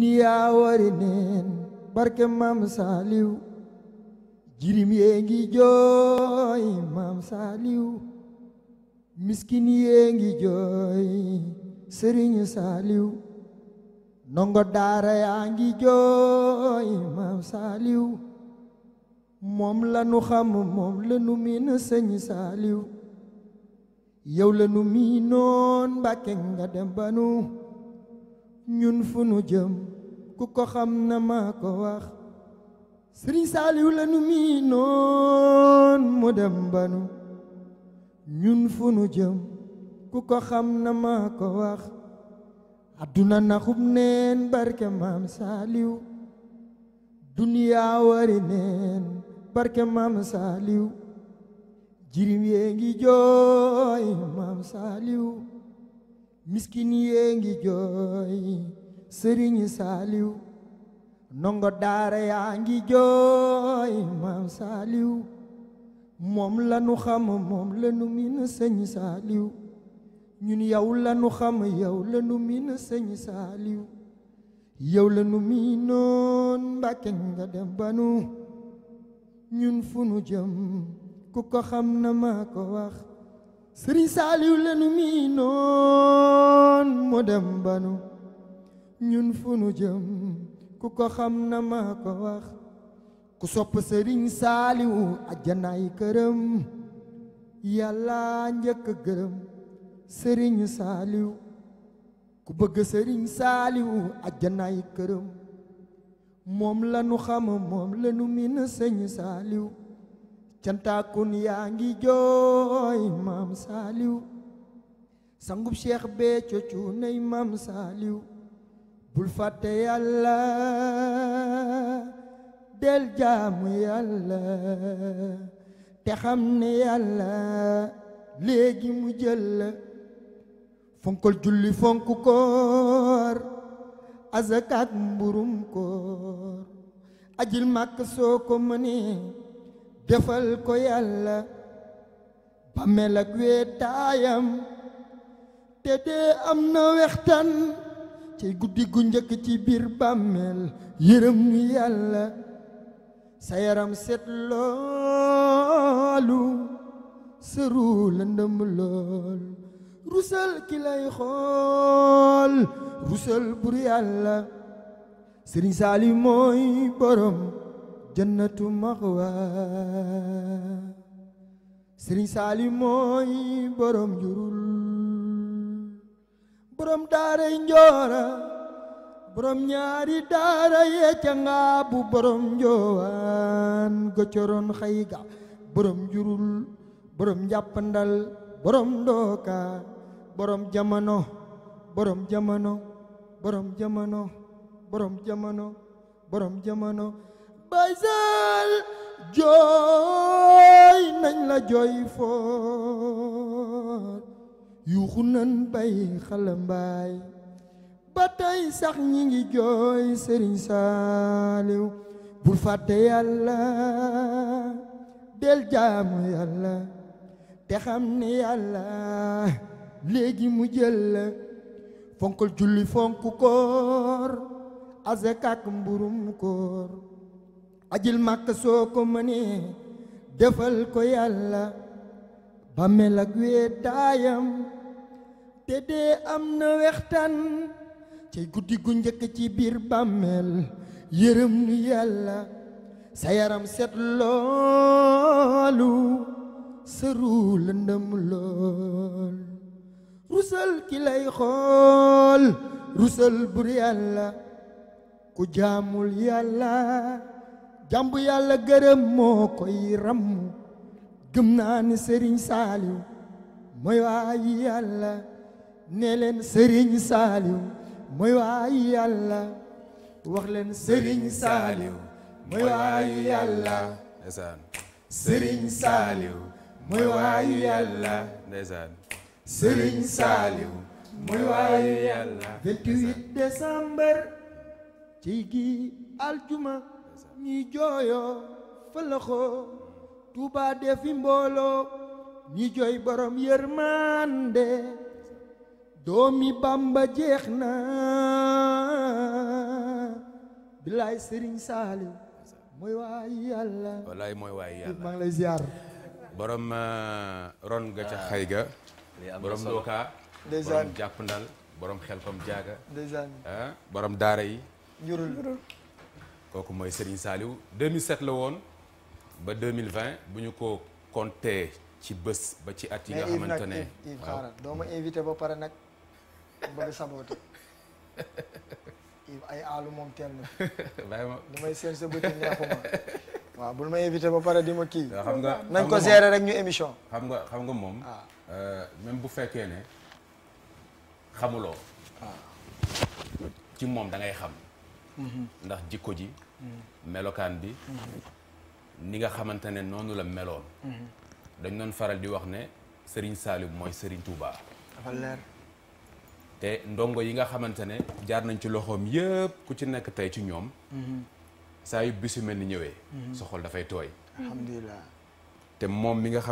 duniyaa wari neen barke maam saaliw jirim yee ngi jooy maam saaliw miskin yee ngi jooy sëriñu saaliw ndongo daara yaa ngi jooy maam saaliw moom la nu xam moom la nu miin sëñ saaliw yow la nu miinoon mbàkke nga dem ba ñun fu jëm ku ko xam na maa ko wax sëriñ saaliw la nu mii noon mu dem banu ñun fu nu jëm ku ko xam na maa ko wax adduna naxub neen barke maam saaliw duniyaa wari neen barke maam saaliw jirim yee ngi jooy maam saaliw miskin yee ngi jooy sëriñ saaliw ndongo daara yaa ngi jooy maam saaliw moom lanu xam moom lanu min sëñ saaliw ñun yow lanu xam yow lanu min sëñ saaliw yow lanu miinoon mbàkke nga dem banu ñun fu jëm ku ko xam na maa ko wax sëriñ saaliw lanu miinoon mu dem banu ñun fu nu jëm ku ko xam na ma ko wax ku sopp sëriñ saaliwu ajjanaay këram yàlla njëkk gërëm sëriñ saaliwu ku bëgg sëriñ saaliwu ajjanaay këram moom lanu xam moom lanu min sëñ saaliw cantaakun yaa ngi jooy maam saaliw sangub cheikh bee cocu maam saaliw bul fàtte yàlla del jaamu yàlla te xam ne yàlla léegi mu jël la julli fonk koor azakaak mburum koor ajil màkk soo ko mënee defal ko yàlla bàmmeel ak wee taayam te dee am na wextan ci guddi gu njëkk ci biir bàmmeel yërëm yàlla sa yaram set loolu sëru lëndëm lool rusal ki xool rusal bur yàlla sëriñ saali mooy borom jannatu maxwa sëriñ saali mooy borom jurul borom daara njoora borom ñaari daara yee ca ngaabu borom njoowaan gocoroon xayga borom jurul borom njàppandal borom ndooka borom jamono borom jamono borom jamono borom jamono jamono baysal jooy nañ la jooy foot yuuxu nan bay xalambaay ba tey sax ñi ngi jooy sëriñ saaliw bul fàtte yàlla del jaamu yàlla te xam ne yàlla léegi mu jël fonkal julli fonk koor azekak mburum koor ajil màkk soo ko mënee defal ko yàlla bàmmeel ak wee daayam te dee am na wextaan ci guddi gu njëkk ci biir bàmmeel yërëm nu yàlla sa yaram set loolu sëru ruu lëndëm lool rusal ki lay xool rusal bur yàlla ku jaamul yàlla jàmbu yàlla gërëm moo koy ramm gëm naa ni sëriñ saaliw mooy waayi yàlla ne leen Serigne Saliou mooy waayu yàlla wax leen Serigne Saliou mooy yàlla. ndeysaan Serigne Saliou mooy yàlla. ndeysaan Serigne Saliou mooy yàlla. 28 décembre ci gi aljuma ñi jooyo falaxoo Touba defi mbooloo ñi jooy borom yërmande. doomi bamba jeex na bilaay sëriñ saaliw mooy waay yàlla wallaay mooy waay yàlla maa ngi lay ziar borom euh, ron ga ca xay ga borom looka borom xel kom jaaga ah, borom daara yi njurul kooku mooy sëriñ saaliw 2007 la woon ba 2020 bu ñu ko compté ci bës ba ci at yi nga xamante ku bëgg saboote ay aalu moom teel na bàyyi ma li may seen sa bët neexuma waaw bul ma invité ba pare di ma kii xam nga nañ ko gérer rek ñu émission xam nga xam nga moom ah. euh, même bu fekkee ne xamuloo ah. ci moom da ngay xam mhm. ndax jikko ji mhm. melokaan bi mhm. ni nga xamante ne noonu la meloon dañ doon faral di wax ne Serigne Saliou mooy Serigne Touba dafa leer te ndongo yi nga xamante ne jaar nañ ci loxoom yëpp ku ci nekk tey ci ñoom mm-hmm. saa yu bisu mel ni ñëwee mm-hmm. sa dafay tooy alhamdulilah